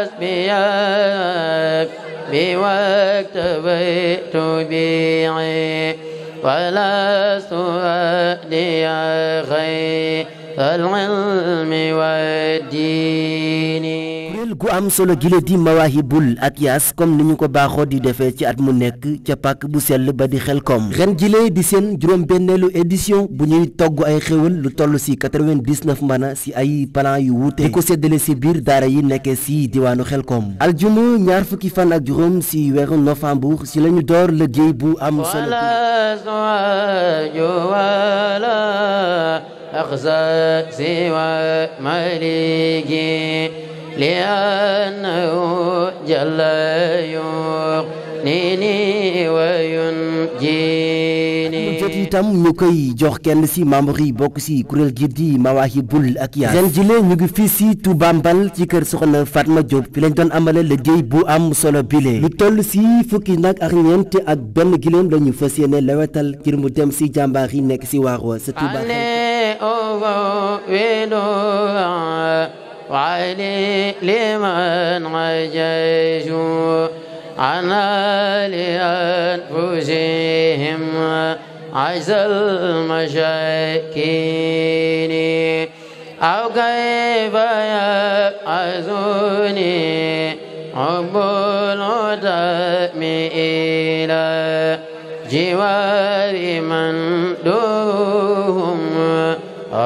حسبي ربي واكتبت بيعي ولست أدري غير العلم والدين gu am solo gile di Mawahibul Akyas comme ni ñu ko baaxoo di defee ci at mu nekk ca pàkk bu sell ba di xel koom ren gile di seen juróom-benneelu édition bu ñuy togg ay xéwal lu toll si 99 mana si ay plan yu wuute di ko séddale si biir daara yi nekkee si diwaanu Xelkom aljuma ñaar fukki fan ak juróom si weeru novembre si lañu door liggéey bu am solo أخزى سوى مالكي لأنه جل يغنيني وينجيني jot itam ñu koy jox kenn si membre yi bokk ci kuréel gi di Mawahibul Akyas seen jile ñu ngi fii si Touba Mbal ci kër soxna Fatma Diop fi lañ doon amale liggéey bu am solo bile lu toll si fukki nag ak ñeent ak benn giléem la ñu fas yéene lawetal ngir mu dem si jàmbaar yi nekk si waaroo sa Touba وعلي لمن عجيت عنا لأنفسهم عز المشاكين أو كيف يأخذني حب الهدى إلى جوار من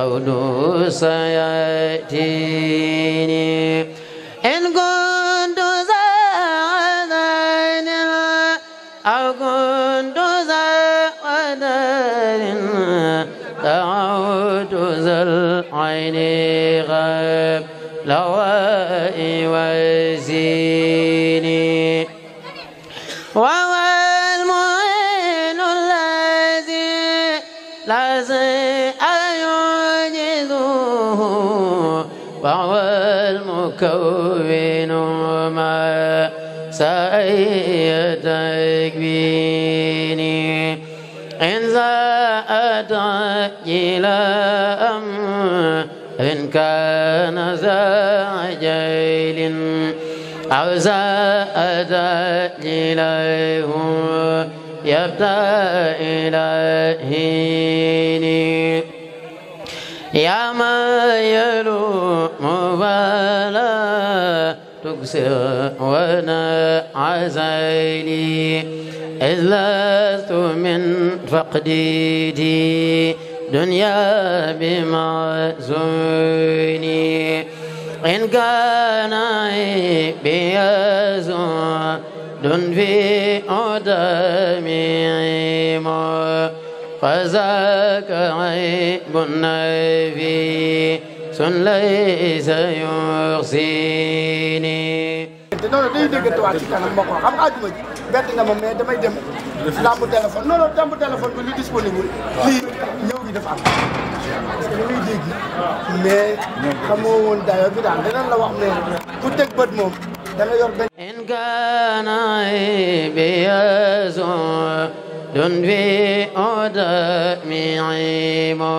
القول سيأتيني إن كنت زعنا أو كنت زعنا دعوت ذا العين غاب لوائي وزير تكون ما سأيتك بني إن زادك إلى أمر إن كان ذا عجل أو زادك إليه يبدأ إليه يا ما يلوم أبصر وأنا عزيلي إذ لست من فقديدي دنيا بمعزوني إن كان بيزون في أدمي فذاك عيب النبي ليس يحصيني déggante non non dañuy déggante waat ci kanam moo ko xam àjjuma ji bett nga ma mais damay dem làmb téléphone non non làmb téléphone bi lu disponible lii ñëw gi dafa am parce que dañuy dégg mais xamoo woon dayo bi daal danañ la wax mais ku teg bët moom da nga yor benn in kaana bi yazo dun fi oda miimo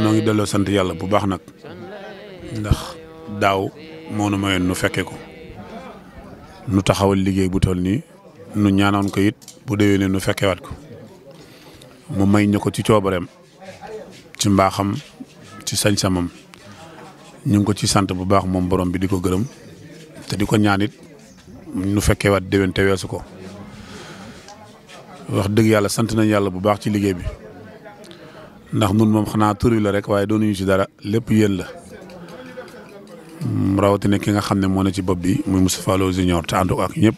noo ngi delloo sant yàlla bu baax nag ndax daaw moo nu mayoon nu fekkee ko nu taxawal liggéey bu toll nii nu ñaanoon ko it bu déwénee nu fekkee fekkewaat ko mu may ñu ko ci coobareem ci mbaaxam ci sañ-samam ñu ngi ko ci sant bu baax moom borom bi di ko gërëm te di ko ñaanit it nu fekkewaat déwén te weesu ko wax dëgg yàlla sant nañ yàlla bu baax ci liggéey bi ndax mun moom xanaa tur la rek waaye doonuñu ci dara lépp yéen la rawatina ki nga xam ne moo ne ci bopp bi muy Moustapha Lo Junior te ànd ak ñëpp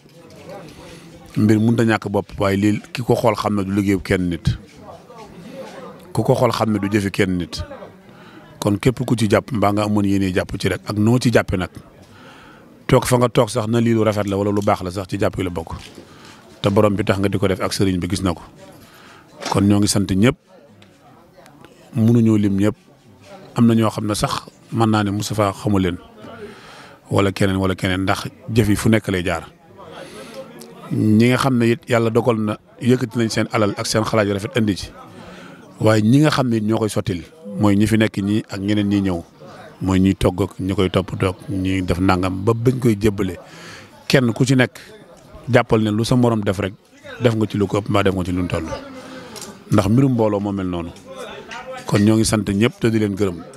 mbir mënut a ñàkk bopp waaye lii ki ko xool xam ne du liggéeyu kenn nit ku ko xool xam ne du jëfi kenn nit kon képp ku ci jàpp mbaa nga amoon yéene jàpp ci rek ak noo ci jàppe nag toog fa nga toog sax na lii lu rafet la wala lu baax la sax ci jàpp yi la bokk te borom bi tax nga di ko def ak sëriñ bi gis na ko kon ñoo ngi sant ñëpp mënuñoo lim ñépp am na ñoo xam ne sax mën naa ne Moustapha xamu leen wala keneen wala keneen ndax jëf yi fu nekk lay jaar ñi nga xam ne it yàlla dogal na yëkkati nañ seen alal ak seen xalaat yu rafet indi ci waaye ñi nga xam ne it ñoo koy sottil mooy ñi fi nekk ñii ak ñeneen ñi ñëw mooy ñuy togg ak ñi koy topp toog ñi def nangam ba bañ koy jébbale kenn ku ci nekk jàppal ne lu sa morom def rek def nga ci lu ko ëpp mbaa def nga ci lu mu toll ndax mbirum mbooloo moo mel noonu kon ñoo ngi sant ñëpp te di leen gërëm.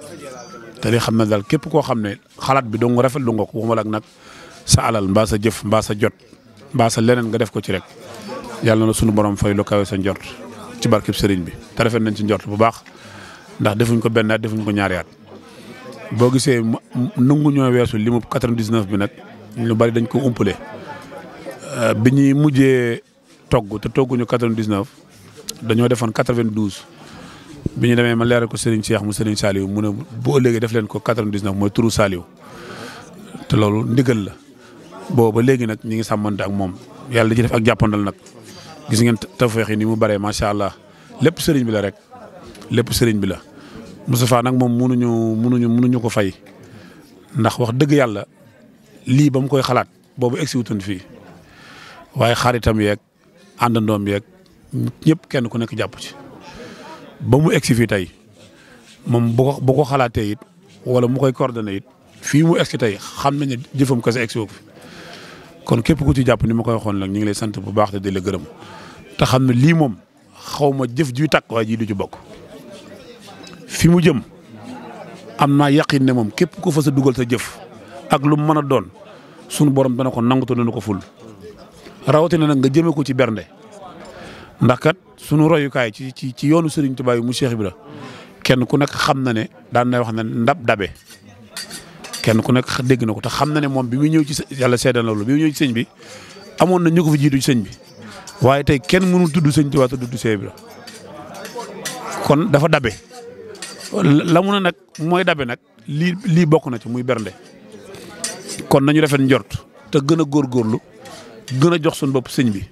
te di xam na daal képp koo xam ne xalaat bi dong rafetlu nga ko waxumala ak nag sa alal mbaa sa jëf mbaa sa jot mbaa sa leneen nga def ko ci rek yàlla na sunu borom fay lu kawe sa njort ci barkeb sëriñ bi te rafet nañ ci njort bu baax ndax defuñ ko benn defuñ ko ñaar at boo gisee nangu ñoo weesu limu 99 bi nag lu bari dañ ko umpale euh, bi ñuy mujjee togg te togguñu 99 dañoo defoon 92 bi ñu demee ma leeral ko Serigne Cheikh mu Serigne Saliou mu ne bu ëllëgee def leen ko 99 mooy turu Saliou te loolu ndigal la booba léegi nag ñi ngi sàmmante ak moom yàlla di ci def ak jàppandal nag gis ngeen tawfeex yi ni mu bëree macha allah lépp sëriñ bi la rek lépp sëriñ bi la. Moustapha nag moom mënuñu mënuñu mënuñu ko fay ndax wax dëgg yàlla lii ba mu koy xalaat boobu egsi fii waaye xaritam yeeg àndandoom yeeg ñëpp kenn ku nekk jàpp ci. ba mu egsi fii tey moom bu ko bu ko xalaatee it wala mu koy coordonné it fii mu egsi tey xam nañ ne jëfam kese egsi woo fi kon képp ku ci jàpp ni ma koy waxoon nag ñu ngi lay sant bu baax te di la gërëm te xam ne lii moom xaw ma jëf juy takk waaye jii du ci bokk fi mu jëm am naa yaqin ne moom képp ku fa dugal sa jëf ak lu mu mën a doon sunu borom dana ko nangu te dana ko ful rawatina nag nga jëme ko ci bernde. ndax kat sunu royukaay ci ci ci yoonu Serigne Touba yi mu Cheikh Ibra kenn ku nekk xam na ne daan na wax ne ndab dabe kenn ku nekk dégg na ko te xam na ne moom bi mu ñëw ci yàlla seedaan loolu bi mu ñëw ci sëñ bi amoon na ñu ko fi jiitu ci sëñ bi waaye tey kenn mënul tudd sëñ Touba te tudd Cheikh Ibra kon dafa dabe la mu nag mooy dabe nag lii lii bokk na ci muy bernde kon nañu rafet njort te gën a góorgóorlu gën a jox suñu bopp sëñ bi.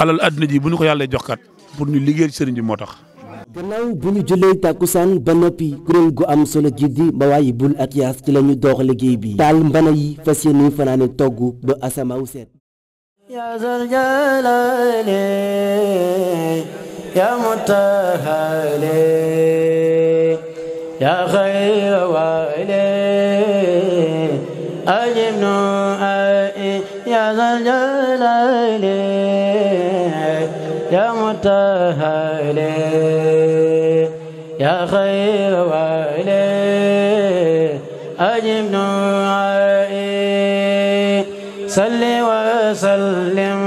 alal adduna ji bu ñu ko yàlla jox kat pour ñu liggéeyal sëriñ bi moo tax. gannaaw bu ñu jullee tàkkusaan ba noppi kuréel gu am solo ji di Mawaayi bul ak ci la ñu doox bi taal mbana yi fas yéene fanaane togg ba asamaaw seet. يا ذا الجلال يا متهل يا خير والي أجب يا متهل يا خير والي أجب دعائي صل وسلم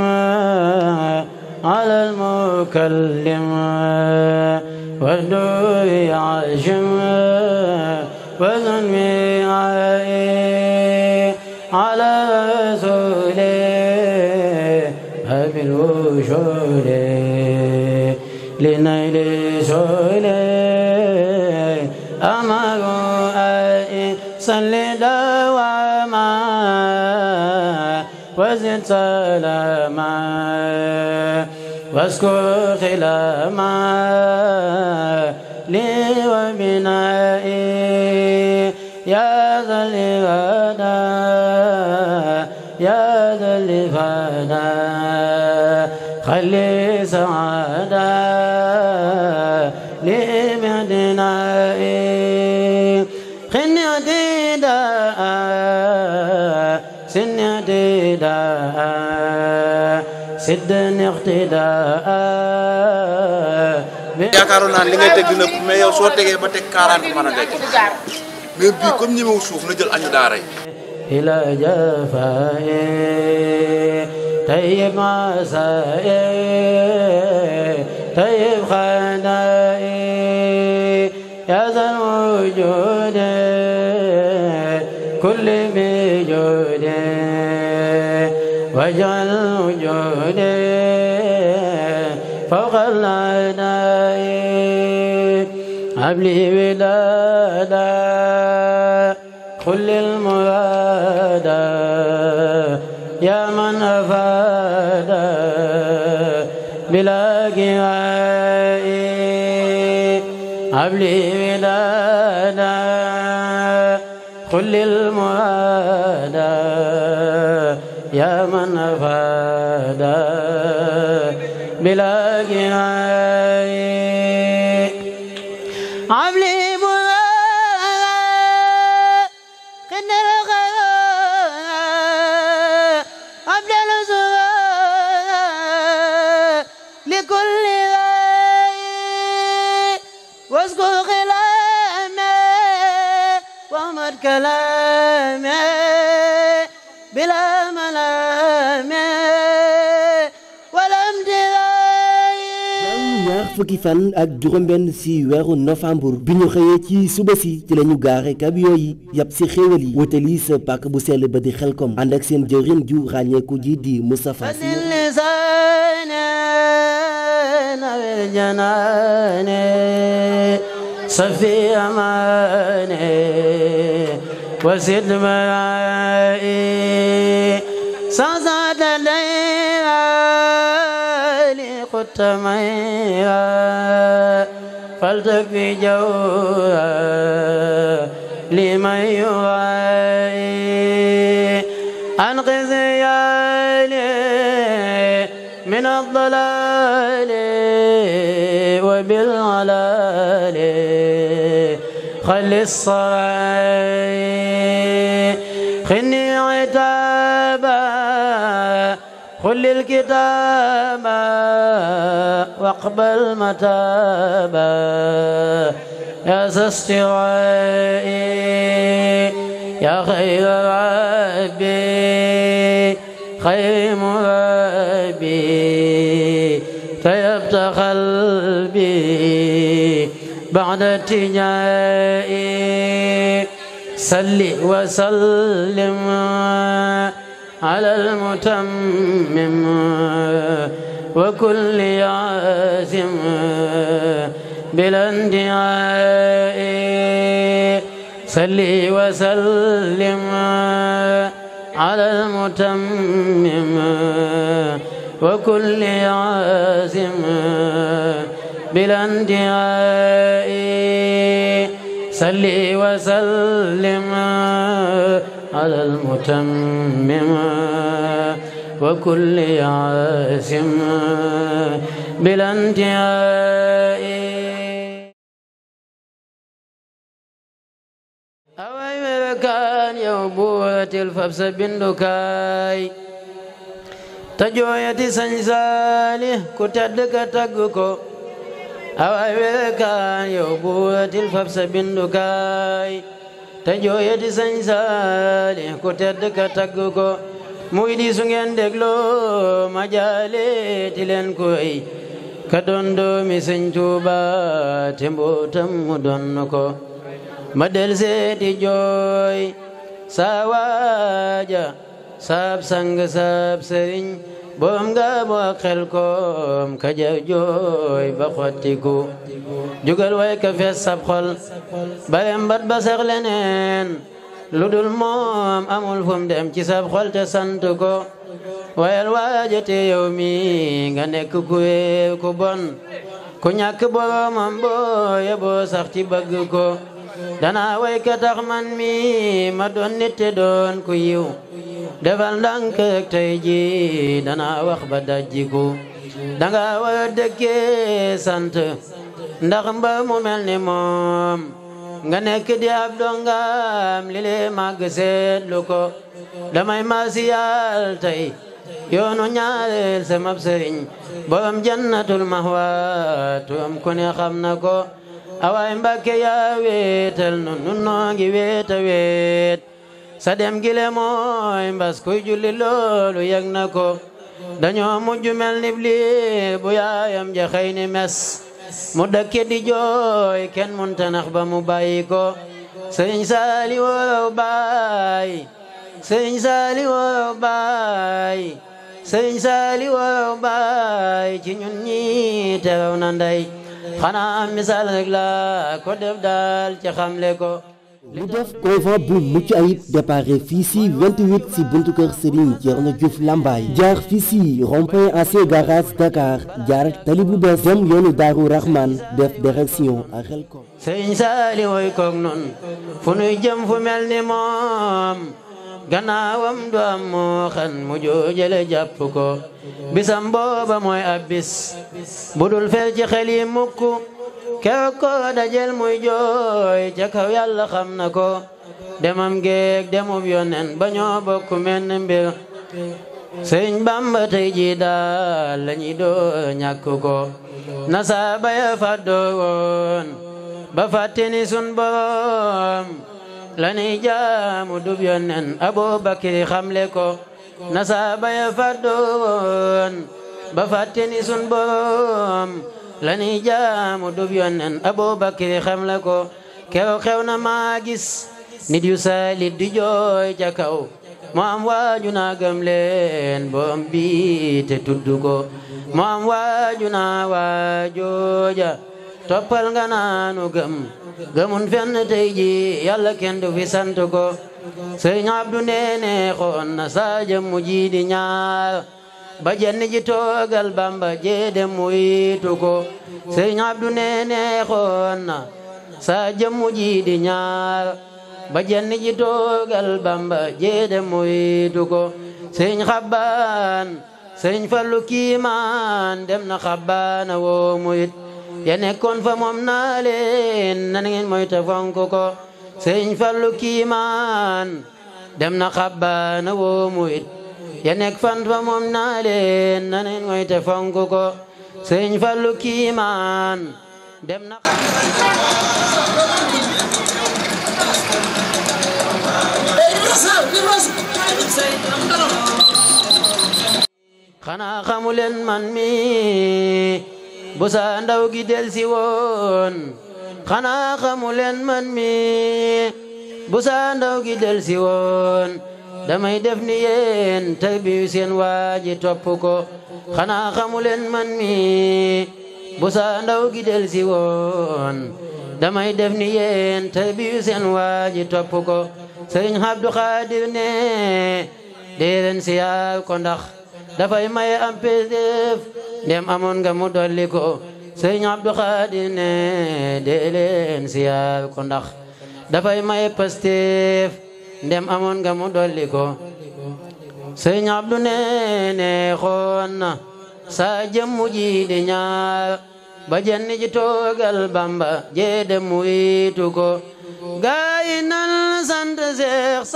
على المكلم واهدو عجم وذنبي عائي وزد سلاما واذكر خلاما لي وبنائي يا ذا الغنى يا ذا الغنى خلي سعادة siddan iqtidaa yaakaaroon naa li ngay teg dina mais yow soo tegee ba teg 40 mën a dégg mais bii comme ñëwul suuf na jël añu daara yi ila jafaa'i e, tayyib masaa'i e, tayyib xanaa'i e, ya zal wujudi kulli واجعل وجودي فوق العناء أبلي ودادا كل المرادا يا من أفاد بلا قراء أبلي من فادا بلا جنان fukki fan ak juróom-benn si weeru novembre bi ñu xëyee ci suba si ci la ñu gaare camion yi yàpp si xéewal yi wutali sa pàkk bu sell ba di Xelkom ànd ak seen jëwrin ju ràññeeku ji di Moustapha Sy تميها فلتك في جوها لمن يغاي أنقذ يالي من الضلال وبالعلال خلي الصلاة خني عتاب خل الكتاب واقبل متابا يا ذا استواء يا خير ربي خير مربي طيبت قلبي بعد اتجائي صل وسلم على المتمم وكل عازم بلا اندعاء صلي وسلم على المتمم وكل عازم بلا اندعاء صلي وسلم على المتمم وكل عاسم بلا انتهاء أوي مكان يوبوة الفبس بندكاي تجوية سنسالي كتدك تقكو أوي مكان يوبوة الفبس بندكاي te jooye di sëñ saali ku tedd ka tagg ko muy di su ngeen dégloo ma jaaleeti leen koy ka doon doomi sëñ Tuuba te mbootam mu doon ko ma del seeti jooy saa waaja saab sang saab sëriñ boom nga moo xel koom ka jooy ba xottiku jugal way fees sab xol ba yembat sax leneen lu dul moom amul fum dem ci sab xol te sant ko wayal waajate yow mi nga nekk ku ku bon ku ñàkk boromam boo sax ci bëgg ko danaa way tax man mi ma doon te doon ku yiw defal ndànk tey ji dana wax ba dajjiku danga war a sant ndax mba mu mel ni moom nga nekk di ab dongam li lee màgg seetlu ko damay maasiyal tey yoonu ñaareel sama sëriñ borom jannatul mahwa turam ku ne xam na ko awaay mbàkke yaa weetal nun nun ngi weeta weet sa dem gile mooy mbas kuy julli loolu yëg na ko dañoo mujj mel ni lii bu yaayam ja xëy ni mes mu dëkke di jooy kenn munta ba mu bàyyi ko sëñ saali woo baay sëñ saali woo baay sëñ saali woo baay ci ñun ñi teew na ndey xanaa misaal la ko def daal ci xamle ko lu def convoi bu mucc ayib déparé fii si 28 si buntu kër Serigne Thierno Diouf Lambaye jaar fii si rond-point ancien garage Dakar jaar tali bu bees dem yoonu Daaru Rahman def direction ak xel ko Serigne Saliou woy koog noonu fu nuy jëm fu mel ni moom gannaawam du am moo xan mu joojale jàpp ko bisam booba mooy ab bis budul fel ci xel yi mukk kew ko muy jooy ca kaw yàlla xam na ko demam geeg demum yonen ba ñoo bokk menn mbir sëñ bamba tey ji daal lañuy doo ñàkk ko nasaaba ya fàddoo woon ba fàttini sun borom lañuy jaamu dub yonen aboo bakiri xamle ko nasaaba ya fàddoo woon ba fàttini sun borom lani jaamu dub yonen abubakar xam la ko kew xew na maa gis nit yu saalit di jooy ca kaw mu am waaju naa gëm leen boom bi te tudd ko mu am waaju naa toppal nga naanu gëm gëmun fenn tey ji yàlla kenn du fi sant ko sëriñ Abdu nee ne na saa jëmm ji ñaar ba jenn ji toogal bamba jee dem muytu ko sëriñ Abdu nee neexoon na sa jëmmu ji di ñaar ba jenn ji toogal bamba jee dem muytu ko sëriñ xabbaan sëriñ fallu kiimaan dem na xabbaana woo muyit ya nekkoon fa moom naa leen nan ngeen moyta fonk ko sëriñ fallu kiimaan dem na xabbaana woo ya nekk fan fa moom naa leen na neen way Fallu kiimaan dem na xanaa xamuleen man mi bu sa ndaw gi del si woon xanaa man mi bu sa ndaw gi del si damay def ni yéen tey bi seen waaji topp ko xanaa xamuleen man mi bu ndaw gi del si woon damay def ni yéen tey bi seen waaji topp ko sëriñ Abdou Khadir ne dee siyaar ko ndax dafay maye am peseef ndem amoon nga mu dolli ko sëriñ Abdou Khadir ne dee siyaar ko ndax dafay maye pasteef ndem amoon nga mu dolli ko sëñ Abdu neene xoon saa jëmmu ji di ba jenn toogal Bamba jee dem wiitu ko gaay nan sant Seex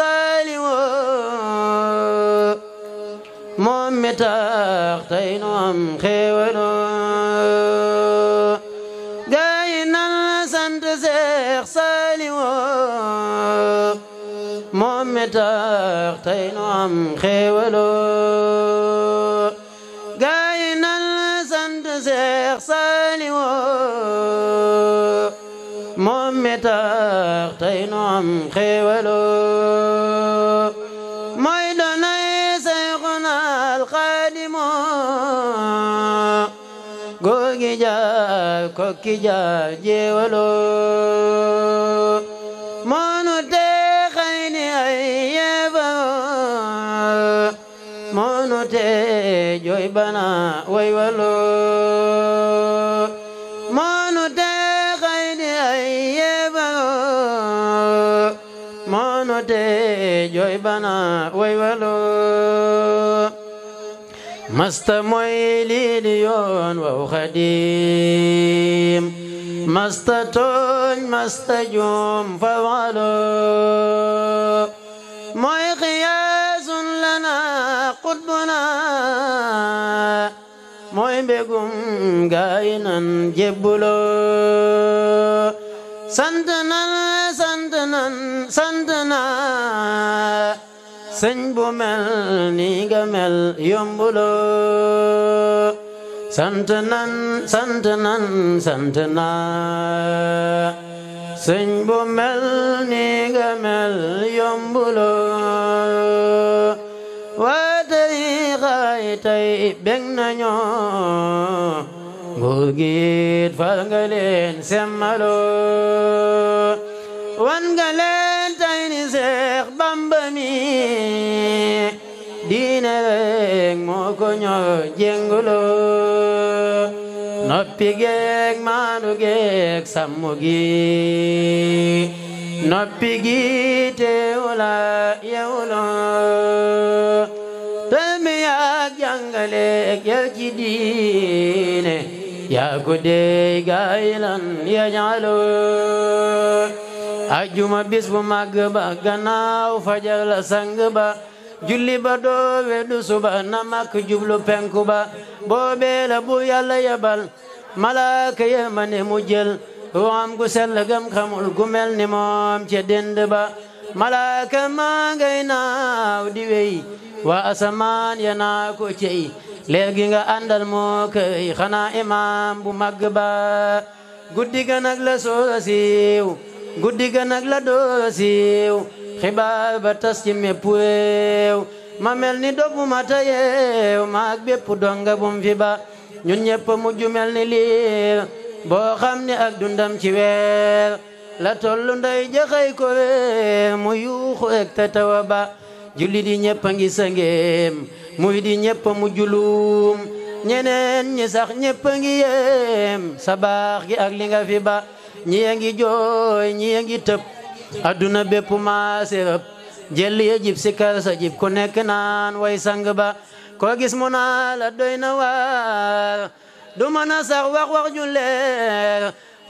moom mi tax tey nu am xéewaloo baax tey nu am xéewaloo gaay nan sant Seex Saaliwu moom mi tax tey nu am xéewaloo mooy doonay Seexuna Alxaadimu góor gi jaar kokki jaar jéewaloo bana waywaloo masta mooy liili yoon waw xadim masta tooñ masta juum fawaloo mooy xiyaasun lana qutbuna mooy mbégum gaayi nan jébbuloo sant nan sëñ bu mel nii nga mel yombuloo sant nan sant nan sant naa sëñ bu mel nii nga mel yombuloo waa tey xaay nguur gi it fal nga leen semmaloo wan nga leen Seex Bamba mi moo ko ñor jénguloo noppi geek maanu geek sammu gi noppi gi teewula yewuloo tami yaak jàngaleek yar ci diine yaa dey gaayilan ya ñaaloo ajjuma bis bu màgg ba gannaaw fajar la sang ba julli ba doo weddu suba na makk jublu penku ba boobee la bu yàlla yebal malaaka ya ma ne mu jël ruam gu sell gam xamul gu ni moom ca dend ba malaaka maa ngay naaw di wey waa asamaan ya naa ko cey leer gi nga àndal moo kay xanaa imaam bu màgg ba guddi ga la soo siiw guddi ga nag la doosiw xibaar ba tas ci mépp réew ma mel ni dogu ma tayeew maag bépp donga bum fi ba ñun ñëpp mujj mel ni liir boo xam ne ak dundam ci weer la tollu nday jaxay ko mu yuuxu ek ta tawa ba julli di ñëpp a ngi sangeem muy di ñëpp mujj luum ñeneen ñi sax ñëpp ngi yem sa gi ak li fi ba ñi a ngi jooy ñi a tëb adduna bépp maase rëb jelli ya jib si kar jib ku nekk naan way sang ba koo gis mu naa la doy waar du mën a sax wax wax ju leer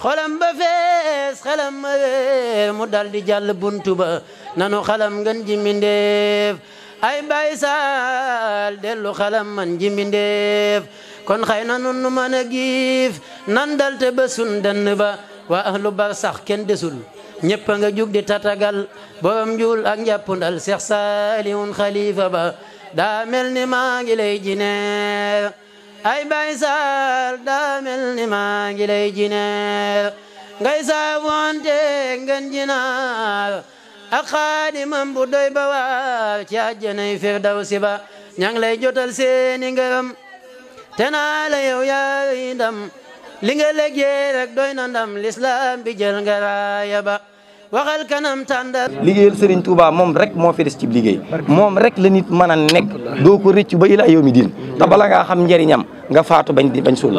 xolam ba fees xelam ma réer mu dal di jàll buntu ba nanu xalam ngën ji mindeef ay bay saal dellu xalam man ji mindeef kon xëy na nun nu mën a giif nan dal te ba sun ba waa ahlu barsax kenn desul ñëpp nga jug di tatagal borom njuul ak njàppundal Seex Saalihun xalifa ba daa mel ni maa ngi lay jineer ay bay saal mel ni maa ngi lay jineer ngay saafonte ngën jinaar ak xaadimam bu doy ba waar ci àjjanay firdawsi ba ña ngi lay jotal seeni ngërëm te naa la yaari ndam li nga liggéey doy na ndam lislaam bi jël nga raaya ba waxal kanam tàndar liggéeyal Serigne Touba moom rek moo fi des ci liggéey moom rek la nit mën a nekk doo ko rëccu ba ilaa yow mi diin te bala ngaa xam njariñam nga faatu bañ di bañ suul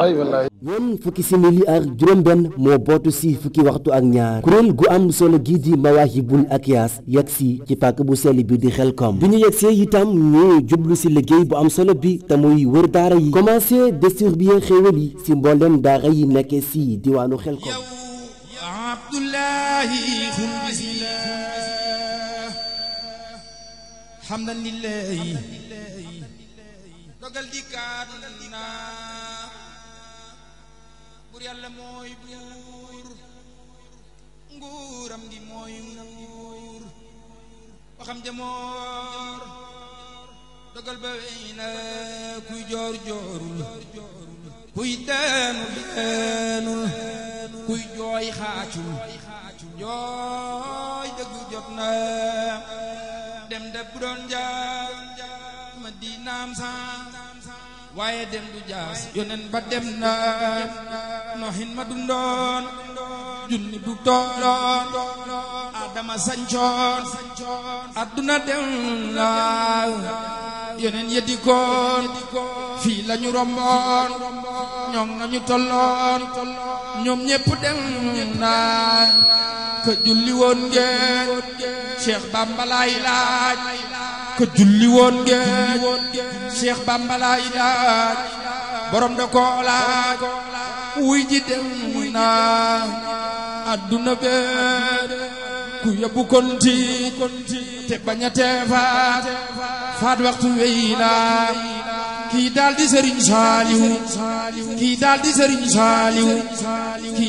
woon fukki simili ak juróom-benn moo bootu si fukki waxtu ak ñaar kuréel gu am solo gii di yi bul Akyas yegg si ci pàkk bu sell bi di xel Xelkom bi ñu yeggsee itam ñu jublu si liggéey bu am solo bi te muy wër daara yi commencé distribuer xéewal yi si mboolem daara yi nekkee si diwaanu Xelkom Abdullahi xundisilaa xamdan lillahi dogal di kaat na buur yàlla mooy buur nguuram gi mooy nguur waxam ja moor dogal ba wey na kuy joor joorul kuy daanul daanul kuy de bu waaye dem du jaas yonen ba dem na noxin ma dundoon junni bu tooloon adama sancoon adduna dem na yeneen ya dikkoon fii la romboon ñoom nañu tolloon ñoom ñépp dem naay ka julli woon ngeen Cheikh laaj ka julli woon ngeen Cheikh laaj borom da koo laaj wuy ji dem naa adduna bee ku yóbbu konti kii daal di Serigne Saliou kii di Serigne Saliou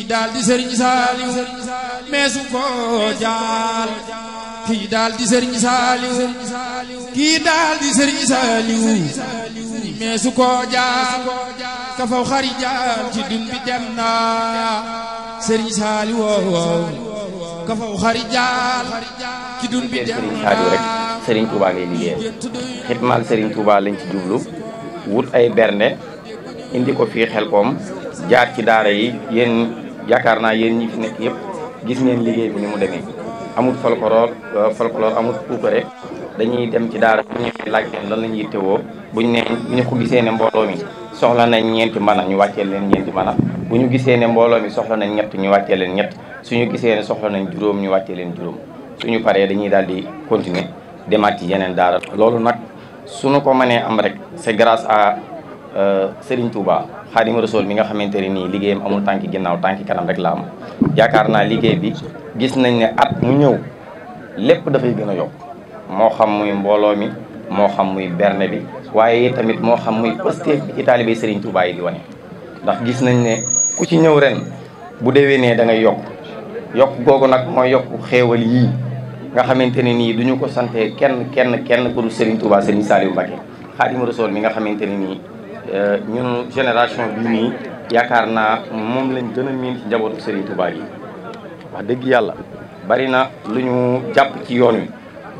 daal di Serigne Saliou meesu ko jaal kii di Serigne Saliou kii daal ci dun bi dem naa Serigne Saliou liggéey Serigne Sadio rek Serigne Touba ngay liggéeyal xitmaal Serigne Touba lañ ci jublu wut ay bernde indi ko fii Xelkom jaar ci daara yi yéen yaakaar naa yéen ñi fi nekk yëpp gis ngeen liggéey bi ni mu demee amul folklore euh, folklore amul puukare dañuy dem ci daara bu ñu laaj leen lan ñuy yittewoo bu ñu nee bu ñu ko gisee ne mbooloo mi soxla nañ ñeenti mën a ñu wàccee leen ñeenti mën bu ñu gisee ne mbooloo mi soxla nañ ñett ñu wàccee leen ñett suñu gisee ne soxla nañ juróom ñu wàccee leen juróom suñu paree dañuy daal di continuer demaat ci yeneen daara loolu nag suñu ko manee am rek c'est grâce à euh, Serigne Touba Xaadimu Rasuul mi nga xamante ne nii liggéeyam amul tànki ginnaaw tànki kanam rek laa am yaakaar naa liggéey bi gis nañ ne at mu ñëw lépp dafay gën a yokk moo xam muy mbooloo mi moo xam muy berne bi waaye tamit moo xam muy posté bi ci taalibe Serigne yi di wane ndax gis nañ ne ku ci ñëw ren bu déwénee da ngay yokk yokk googu nag mooy yokk xewal yii nga xamante ne nii du ñu ko sante kenn kenn kenn ku dul Serigne Touba Serigne Saliou Mbacké Khadimou Rassoul mi nga xamante ne nii euh, ñun génération bii nii yaakaar naa moom lañ gën a miin ci njabootu Serigne Touba yi wax dëgg yàlla bari na lu ñu jàpp ci yoon wi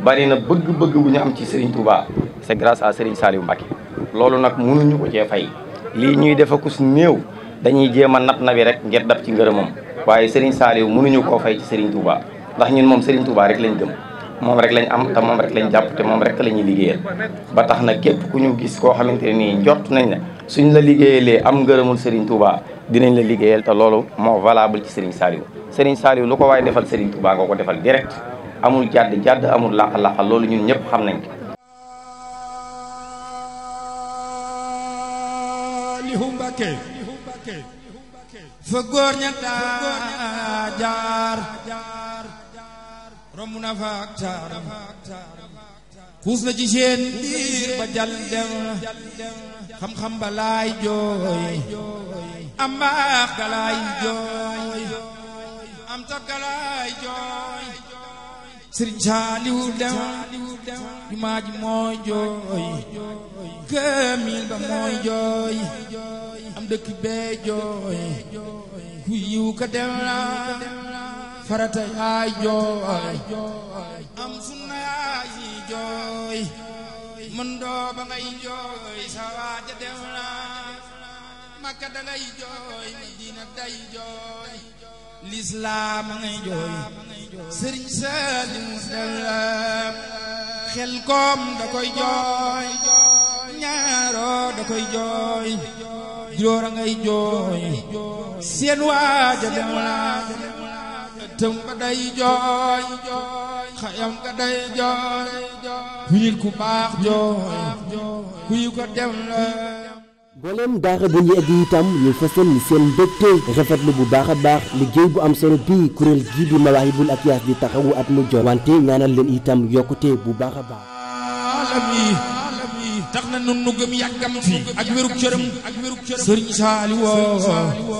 bari na bëgg-bëgg bu ñu am ci Serigne Touba c'est grace à Serigne Saliou Mbacké loolu nag munuñu ko cee fay lii ñuy defa defakus néew dañuy jéem a nat na bi rek ngir dab ci ngërëmam waaye Serigne Saliou mënuñu koo fay ci Serigne Touba ndax ñun moom Serigne Touba rek lañ gëm moom rek lañ am te moom rek lañ jàpp te moom rek la ñuy liggéeyal ba tax na képp ku ñu gis koo xamante ne nii njort nañ ne suñ la liggéeyalee am ngërëmul sëriñ Touba dinañ la liggéeyal te loolu moo valable ci Serigne Saliou Serigne Saliou lu ko waaye defal Serigne Touba nga ko defal direct amul jàdd jàdd amul làq-làq loolu ñun ñëpp xam nañ ko Aliou fa góor ña jaar romb na fa ak taaram xuus na ci diir ba jal dem xam-xam ba laay jooy am baax ga laay jooy am tag laay jooy sëriñ saaliwu dem jumaa mooy jooy kaamil ba mooy jooy am dëkk bee jooy ku yiw ka dem jooy am sunna yaay jooy mën doo jooy sawaaja dem la makka da ngay jooy day jooy lislaam a ngay jooy sëriñ Saalimu Dalaam xel koom da koy jooy ñaaroo da koy jooy juróor a ngay jooy seen waaja dem laa tëm ba day jooy xayam ga day jooy ku nit ku baax jooy kuy ko dem la mbooleem daara bu ñu egg itam ñu fësal seen mbégte rafetlu bu baax a baax liggéey bu am solo bii kuréel gii di Mawahibou Akyas bi taxawu at mu jot wante ñaanal leen itam yokkute bu baax a baax tax na nun nu gëm yàggam fi ak wérug cërëm ak wérug cërëm sëriñ saali woo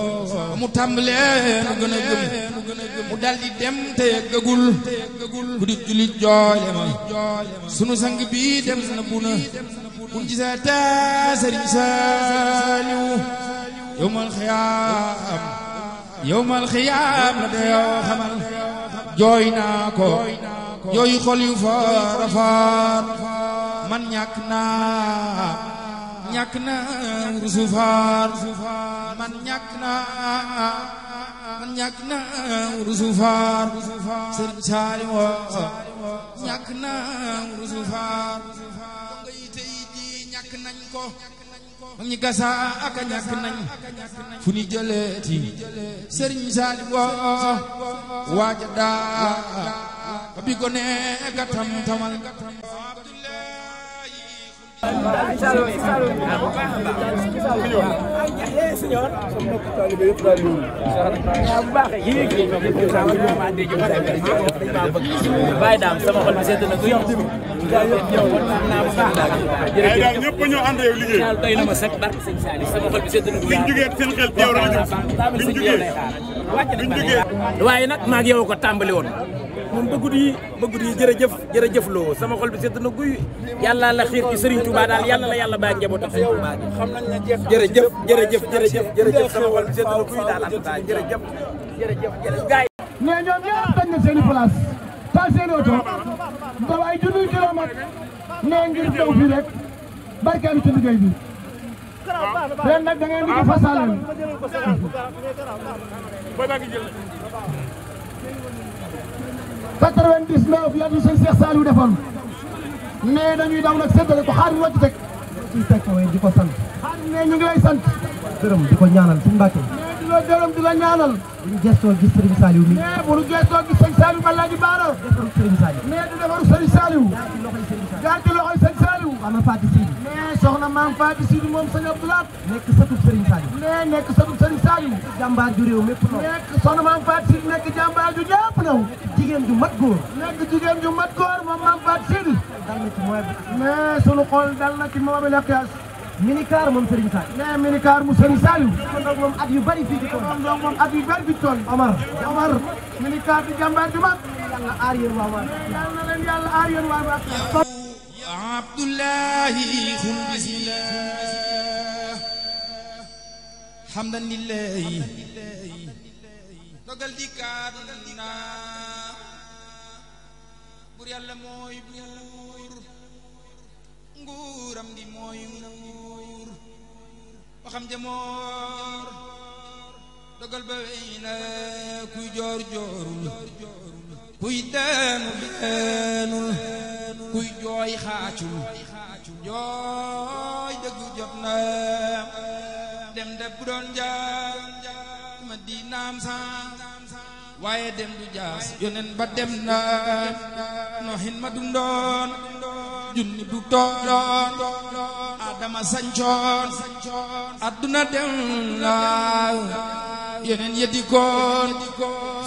mu tàmbalee nu gën a gëm mu daldi dem te yëggagul ku di jullit joole ma sunu sang bi dem na bu na kun ci sa taa sëriñ saaliw yowmal xiyaam yowmal xiyaam la dayoo xamal jooy naa ko jooy xol yu faar faar man ñàkk naa ñàkk na rusufaar man ñàkk naa man ñàkk na rusufaar sëriñ saari wo ñàkk na rusufaar nga yite yi di ñàkk nañ ko mag ñi gasa ak a ñàkk nañ fu ñu jëleeti sëriñ saari wo waaja daa ba bi ko ne ka tam tamal bàyyi daam sama xol bi sedd na ko yow ay daal ñëpp ñoo ànd yow liggéey daal doy na ma sëkk barke sëñ Saliou sama xol bi sedd na ko biñ jugee seen xel teew rek biñ jugee biñ jugee waaye nag maag yow ko tàmbali woon moom bëggut yi bëggut yi jërëjëf jërëjëf loo sama xol bi sedd na guy yàlla la xiir ci Serigne Touba daal yàlla la yàlla baa njabootu Serigne Touba gi jërëjëf jërëjëf jërëjëf jërëjëf sama xol bi sedd na guy daal am daa jërëjëf jërëjëf jërëjëf gaay mais ñoom ñëpp bañ na seen i place taal seen oto daw ay junniy kilomètre nee ngir ñëw fii rek barkeelu ci liggéey bi ren nag da ngeen di ko 99 ya ñu seen Cheikh Saliou defoon mais dañuy daw nag séddale ko xaar wàcc teg ci tekkawee di ko sant xaar ne ñu ngi lay sant gërëm di ko ñaanal suñu Mbàkke mais di la gërëm di la ñaanal bu ñu gëstoo gis Serigne Saliou mi mais bu ñu gëstoo gis Serigne Saliou ma laa ji baara defaru Serigne Saliou mais di defaru Serigne Saliou jaar ci loxoy Serigne Saliou Soxna Fatou Sidi. nee soxna maam Fatou Sidi moom sëñ Abdou Lahad. nekk sëtub Serigne nee nekk sëtub Serigne Saliou. jàmbaar ju réew mépp noonu. nekk soxna maam Fatou Sidi nekk jàmbaar ju jàpp na. nekk jigéen ju mat góor. nekk jigéen ju mat góor moom maam Fatou Sidi. dal na ci mooy mais sunu xol dal nee minicar mu Serigne Saliou. kon yu bari fii ci tool. kon moom at yu bari fii ci tool. Omar Omar. minicar di jàmbaar ju mat. yàlla aar yéen waa waa. yàlla na leen abdullahi xul bismillah xamdan lillahi dogal dikkaat na bur yàlla mooy buur nguuram di mooy nguur waxam ja moor dogal ba wey na kuy joor joorul kuy daanu daanul kuy jooy xaacul jooy dëggu jot na dem de bu doon jaar ma di naam sans waaye dem du jaas yonen ba dem na noxin ma dundoon junni du toodoon adama sañcoon adduna dem la yeneen ya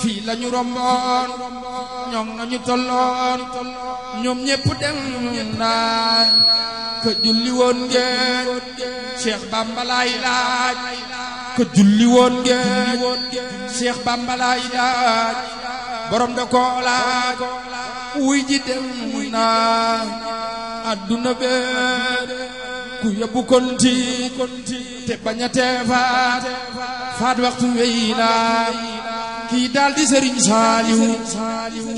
fii la ñu romboon ñoom nañu tolloon ñoom ñépp dem naaj ka julli woon ngeen Cheikh Bamba laay laaj ka julli woon ngeen Cheikh laaj borom da koo laaj ji dem naaj adduna bee ku yóbbu konti te a tee faat faat waxtu wey kii daal di sëriñ saaliw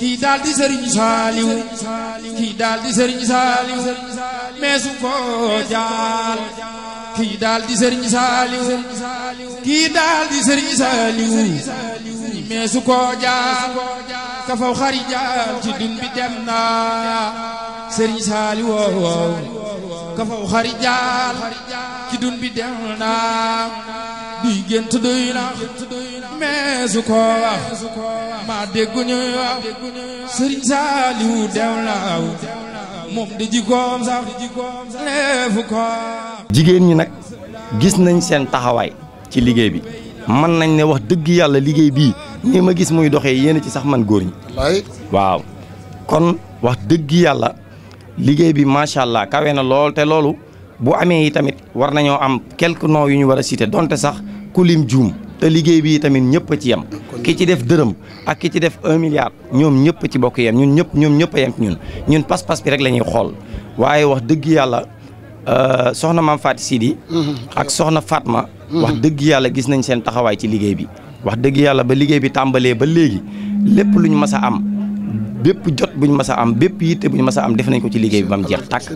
kii daal di sëriñ saaliw daal di sëriñ saaliw meesu ko jaal kii daal di sëriñ kii daal di sëriñ saaliw ñi meesu ko jaal dun bi dem sëriñ saaliw kafaw xarijaal ci dun bi dem jigéen ñi nag gis nañ seen taxawaay ci liggéey bi mën nañ ne wax dëgg yàlla liggéey bii nii ma gis muy doxee yéen ci sax man góor ñi waaw kon wax dëgg yàlla liggéey bi macha allah kawe na lool te loolu bu amee yi tamit war nañoo am quelques noms yu ñu war a cité donte sax ku lim juum te liggéey bi tamit ñëpp a ci yem ki ci def dërëm ak ki ci def un milliard ñoom ñëpp a ci bokk yem ñun ñëpp ñoom ñëpp a yem ñun ñun pas-pas bi rek la ñuy xool waaye wax dëgg yàlla euh, soxna maam faat Sidi mm-hmm. ak soxna Fatma mm-hmm. wax dëgg yàlla gis nañ seen taxawaay ci liggéey bi wax dëgg yàlla ba liggéey bi tàmbalee ba léegi lépp lu ñu mas a am bépp jot buñ mas a am bépp yitte buñ mas a am def nañ ko ci liggéey bi ba mu jeex tàkk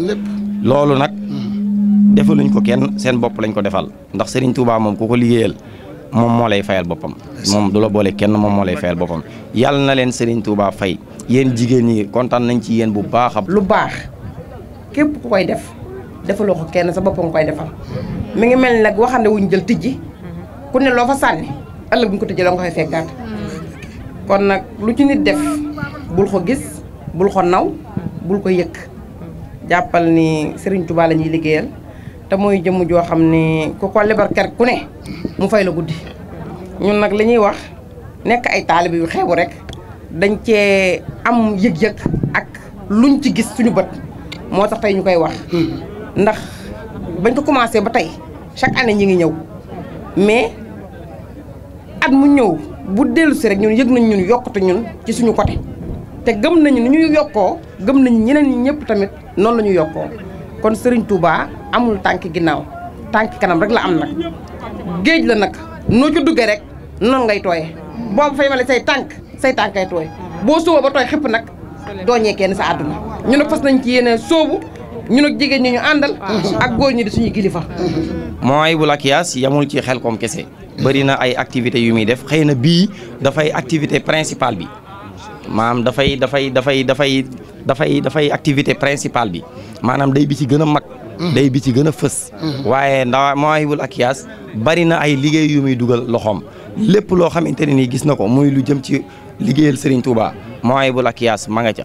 loolu nag hmm. defaluñ ko kenn seen bopp lañ ko defal ndax Serigne Touba moom ku ko liggéeyal moom moo lay fayal boppam moom du la boole kenn moom moo lay fayal boppam yàlla na leen Serigne Touba fay yéen jigéen ñi kontaan nañ ci yéen bu baax a lu baax képp ku koy def defaloo ko kenn sa bopp koy defal mu ngi mel nag waxande wuñ jël tijji mm-hmm. ku ne loo fa sànni ëllëg ko tijji la koy fekkaat mm-hmm. kon bul ko gis bul ko naw bul ko yëkk jàppal ni Serigne Touba la ñuy liggéeyal te mooy jëmm joo xam ne ku ko lebar ker ku ne mu fay la guddi ñun nag li ñuy wax nekk ay taalibe yu xeebu rek dañ cee am yëg-yëg ak luñ ci gis suñu bët moo tax tey ñu koy wax ndax bañ ko commencé ba tey chaque année ñi ngi ñëw mais at mu ñëw bu dellu si rek ñun yëg nañ ñun yokkute ñun ci suñu côté te gëm nañu ni ñuy yokkoo gëm nañu ñeneen ñi ñëpp tamit noonu la ñu yokkoo kon Serigne Touba amul tànk ginnaaw tànk kanam rek la am nag géej la nag noo ci duggee rek noonu ngay tooyee boo fa yemale say tànk say tànk ay tooy boo sóoboo ba tooy xëpp nag dooñee kenn sa àdduna ñu nag fas nañ ci yéene sóobu ñu nag jigéen ñi ñu àndal ak góor ñi di suñu kilifa. mooy bu Lakias yamul ci xel Xelcom kese bëri na ay activités yu muy def xëy na bii dafay activité principale bi maanaam dafay dafay dafay dafay dafay dafay activité principale bi maanaam day bi ci gën a mag mm. day bi ci gën a fës mm-hmm. waaye ndaw Mawahibou Akyas bari na ay liggéey muy dugal loxoom lépp loo xamante ne nii gis na ko muy lu jëm ci liggéeyal Serigne Touba Mawahibou Akyas ma nga ca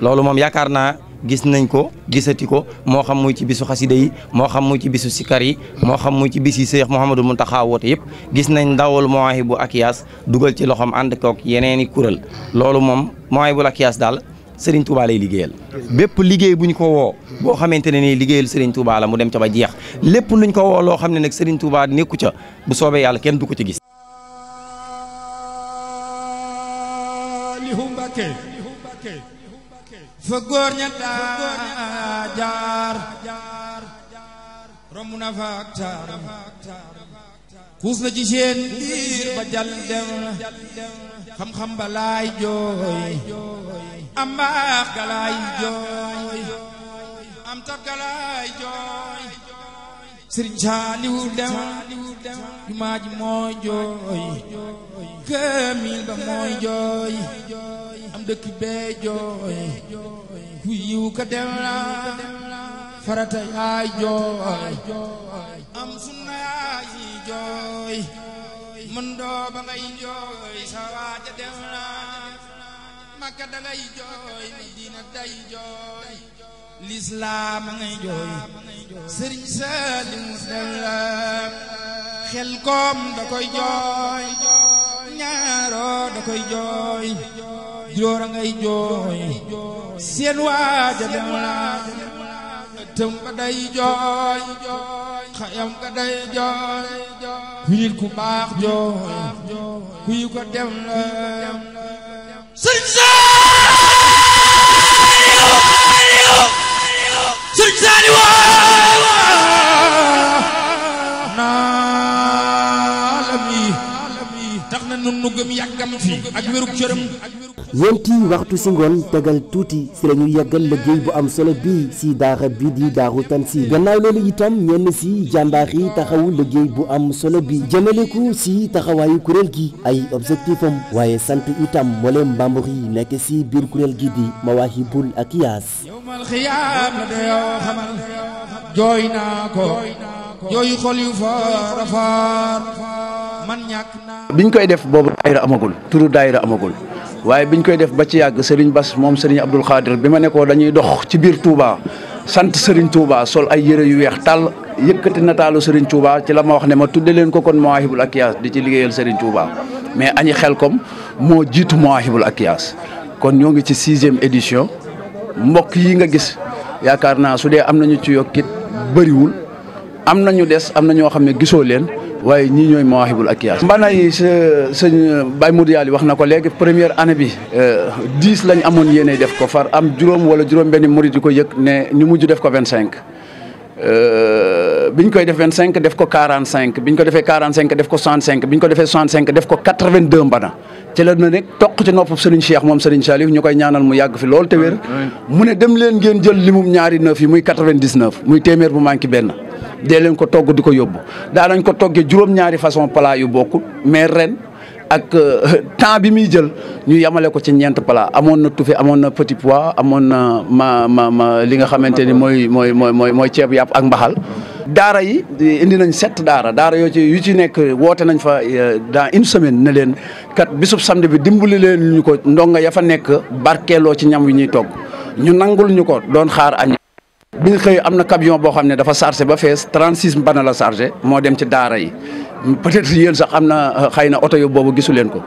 loolu moom yaakaar naa gis nañ ko gisati ko moo xam muy ci bisu xasida yi moo xam muy ci bisu sikar yi moo xam muy ci bisi Seex Mouhamadou Mountakha woote yëpp gis nañ ndawal Mawahibou Akyaas dugal ci loxoom ànd koog yeneen i kuréel loolu moom Mawahibou Akyaas daal Serigne Touba lay liggéeyal bépp liggéey bu ñu ko woo boo xamante ne nii liggéeyal Serigne Touba la mu dem ca ba jeex lépp luñ ko woo loo xam ne nag Serigne Touba nekku ca bu soobee yàlla kenn du ko ca gis. fa góor ña daa jaar romb na fa ak na ci seen biir ba jàll dem xam-xam ba jooy am mbaax ga jooy am tax ga jooy sëriñ saaliwu dem jumaa ji mooy jooy këmil ba mooy jooy am dëkk bee jooy ku yiw ka dem jooy am sunna yaay jooy mën ngay jooy sa waaja dem makka da jooy madina day jooy lislaam ngay jooy sëriñ Saaliw dem naa xel da koy jooy ñaaroo da koy jooy juróor ngay jooy seen waaja dem laa tëm nga day jooy xayam nga day jooy ku nit ku baax jooy kuy ko dem la sëñ Saaliw sëñ Saaliw nun ñeenti waxtu si ngoon tegal tuuti si la ñu yeggal liggéey bu am solo bii ci daara bi di daaru tansi gannaaw loolu itam ñenn ci jàmbaar yi taxawu liggéey bu am solo bi jëmale ci si taxawaayu kuréel gi ay objectif waaye sant itam mbooleem mbàmbur yi nekk ci biir kuréel gi di Mawahibul Akyaas yowmal xiyaam la de yooyu xol yu faar man ñàkk naa biñ koy def boobu daayira amagul turu daayira amagul waaye biñ koy def ba ci yàgg Serigne Bass moom Serigne Abdoul Khadir bi ma nekkoo dañuy dox ci biir Touba sant Serigne Touba sol ay yëre yu weex tàll yëkkati nataalu Serigne Touba ci la ma wax ne ma tudde leen ko kon Mawahibou Akyaas di ci liggéeyal Serigne Touba mais añi xel Xelkom moo jiitu Mawahibou Akyaas kon ñoo ngi ci sixième édition mbokk yi nga gis yaakaar naa su dee am nañu ci yokkit bëriwul. am na ñu des am na ñoo xam ne gisoo leen waaye ñii ñooy Mawahibou Akyas mbana yi sa sëñ Baye Modou Yali wax na ko léegi première année bi euh, dix lañ amoon yéene def ko far am juróom wala juróom benn murid ko yëg ne ñu mujj def ko vingt cinq euh, biñ ñu koy def vingt cinq def ko quarante cinq bi ñu ko defee quarante cinq def ko soixante cinq bi ñu ko defee soixante cinq def ko quatre vingt deux mbana ci la na nekk toq ci nopp Serigne Cheikh moom Serigne Salif ñu koy ñaanal mu yàgg fi lool te wér mu ne dem leen ngeen jël limum ñaari neuf yi muy quatre vingt dix neuf muy téeméer bu manqué benn dee leen ko togg di ko yóbbu daa nañ ko toggee juróom-ñaari façon plat yu bokk mais ren ak euh, temps bi muy jël ñu yemale ko ci ñeent palaa amoon na touffé amoon na petit pois amoon na ma ma ma li nga xamante ni mooy mooy mooy mooy ceeb yàpp ak mbaxal. daara yi indi nañ sept daara daara yoo ci yu ci nekk woote nañ fa euh, dans une semaine na leen kat bisub samedi bi dimbali leen ñu ko ndonga ya fa nekk barkeeloo ci ñam wi ñuy togg ñu nangul ñu ko doon xaar añ bi ñu xëy am na camion boo xam ne dafa chargé ba fees 36 mbana la chargé moo dem ci daara yi. peut-être yéen sax am na euh, xëy na oto yu boobu gisu leen ko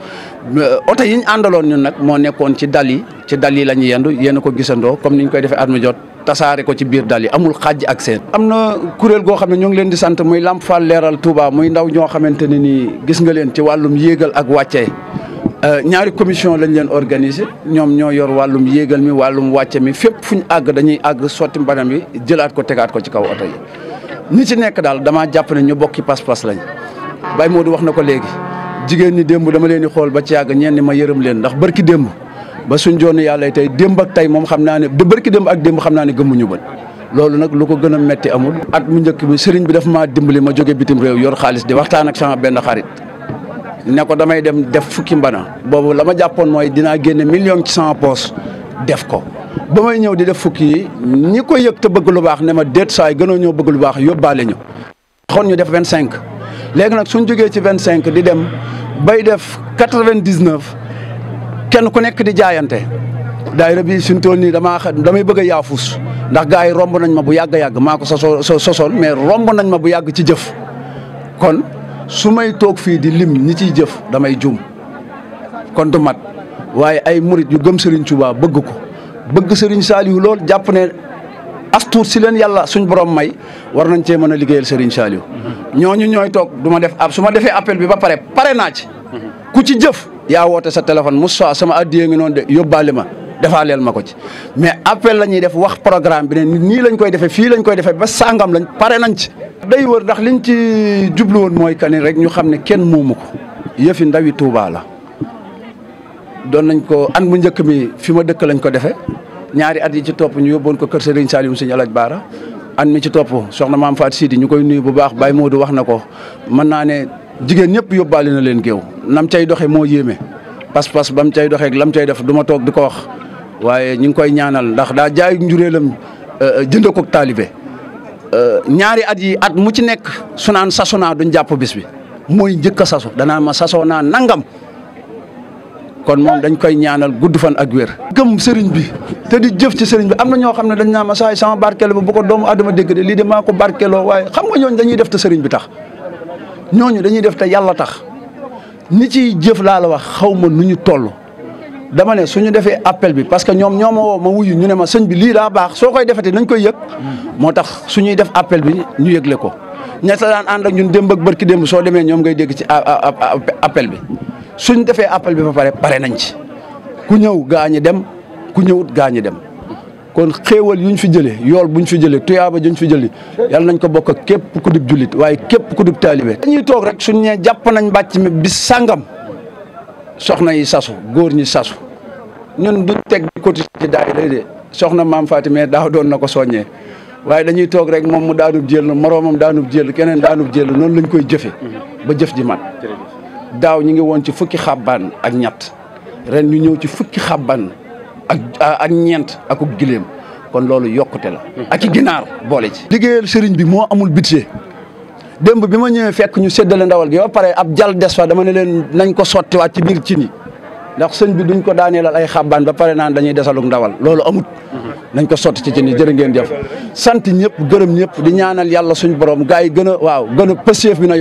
euh, oto yi àndaloon ñun nag moo nekkoon ci dal yi ci dal yi la ñu yendu yéen a ko gisandoo comme ni ñu koy defee at mu jot tasaare ko ci biir dal yi amul xàjj ak seen. am na kuréel goo xam ne ñoo ngi leen di sant muy Lamp Fall leeral Touba muy ndaw ñoo xamante ne nii gis nga leen ci wàllum yéegal ak wàccee euh, ñaari commission lañ leen organiser ñoom ñoo yor wàllum yéegal mi wàllum wàcce mi fépp fu ñu àgg dañuy àgg sotti mbanam bi jëlaat ko tegaat ko ci kaw oto yi ñi ci nekk daal damaa jàpp ne ñu bokki pas-pas lañ moo du wax na ko léegi jigéen ñi démb dama leen di xool ba ci yàgg ñeen ni ma yërëm leen ndax bërki démb ba suñ joon yàlla tey démb ak tey moom xam naa ne de bërki démb ak démb xam naa ne gëmmuñu bët loolu nag lu ko gën a metti amul at mu njëkk bi sëriñ bi daf maa dimbali ma jóge bitim réew yor xaalis di waxtaan ak sama benn xarit ne ko damay dem def fukki mbana boobu la ma jàppoon mooy dinaa génne million ci sama poos def ko ba may ñëw di def fukki yi ko yëg te bëgg lu baax ne ma déet saay gënoo ñëw bëgg lu baax yóbbaale ñu xoon ñu def vingt cinq léegi nag suñ jógee ci vingt cinq di dem bay def quatre vingt kenn ku nekk di jaayante daayira bi suñ tool nii damaa damay bëgg a yaafus ndax gars yi romb nañ ma bu yàgg a yàgg maa ko soso sosoon mais romb nañ ma bu yàgg ci jëf kon su may toog fii di lim ñi ciy jëf damay juum kon du mat waaye ay murit yu gëm sëriñ Touba bëgg ko bëgg Serigne Saliou lool jàpp ne astuut si leen yàlla suñ borom may war nañ cee mën a liggéeyal Serigne Saliou ñooñu ñooy toog du ma def ab su ma defee appel bi ba pare pare naa ci ku ci jëf yaa woote sa téléphone Moussa sama addiye ngi noonu de yóbbaale ma defaaleel ma ko ci mais appel la def wax programme bi ne nii lañ koy defee fii lañ koy defee ba sàngam lañ pare nañ ci day wër ndax liñ ci jublu woon mooy que ni rek ñu xam ne kenn muumu ko yëfi ndawi Touba la doon nañ ko an bu njëkk mi fi ma dëkk lañ ko defee ñaari at yi ci topp ñu yóbboon ko kër Serigne Saliou Serigne Alaj Baara at mi ci topp soxna maam Fatou Sidi ñu koy nuyu bu baax moo Modou wax na ko mën naa ne jigéen ñëpp yóbbaale na leen géew nam cay doxee moo yéeme pas-pas bam cay doxee ak lam cay def du toog di ko wax waaye ñu ngi koy ñaanal ndax daa jaay njureelam euh, euh, jënd ko taalibe euh, ñaari at yi at mu ci nekk su naan saso naa duñ bis bi mooy njëkk a saso danaa ma saso naa nangam. kon moom dañ koy ñaanal gudd fan ak wér. gëm sëriñ bi te di jëf ci sëriñ bi am na ñoo xam ne dañ naa ma saay sama barkeeloo ba bu ko doomu adama dégg de lii de maa ko barkeeloo waaye xam nga ñooñu dañuy def te sëriñ bi tax ñooñu dañuy def te yàlla tax ni ciy jëf laa la wax xaw ma nu ñu toll. dama ne su defee appel bi parce que ñoom ñoo ma woo ma wuyu ñu ne ma sëñ bi lii daa baax soo koy defete nañ koy yëg moo tax su ñuy def appel bi ñu yëgle ko ñett daan ànd ak ñun démb ak bërki démb soo demee ñoom ngay dégg ci appel bi. suñ defee appel bi ba pare pare nañ ci ku ñëw gaa ñi dem ku ñëwut gaa ñi dem kon xéewal yuñ fi jëlee yool buñ fi jëlee tuyaaba juñ fi jëli yàlla nañ ko bokk ak képp ku dib jullit waaye képp ku dib taalibe dañuy toog rek suñ ñee jàpp nañ bàcc mi bis sàngam soxna yi sasu góor ñi sasu ñun duñ teg di cotiser ci daay lay soxna maam Fatima daaw doon na ko soññee waaye dañuy toog rek moom mu daanub jël moroomam daanub jël keneen daanub jël noonu lañ koy jëfe ba jëf ji mat daaw ñu ngi woon ci fukki xabban ak ñett ren ñu ñëw ci fukki xabban ak ak ñeent ak gileem kon loolu yokkute la. ak i ginaar boole ci. liggéeyal sëriñ bi moo amul budget démb bi ma ñëwee fekk ñu séddale ndawal gi ba pare ab jal des fa dama ne leen nañ ko sottiwaat ci biir ci yi ndax sëñ bi duñ ko daaneelal ay xabaan ba pare naan dañuy desalug ndawal loolu amut. nañ ko sotti ci cin yi jërë ngeen jëf. sant ñëpp gërëm ñëpp di ñaanal yàlla suñu borom gaa yi gën a waaw gën a pëseef bi na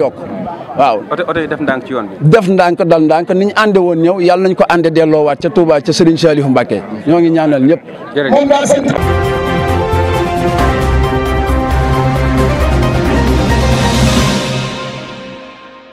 waaw. oto oto def ndànk ci yoon bi. def ndànk dal ndànk ni ñu ànde woon ñëw yàlla nañ ko ànde delloowaat ca Touba ca Serigne Saliou Mbacké ñoo ngi ñaanal ñëpp. jërëjëf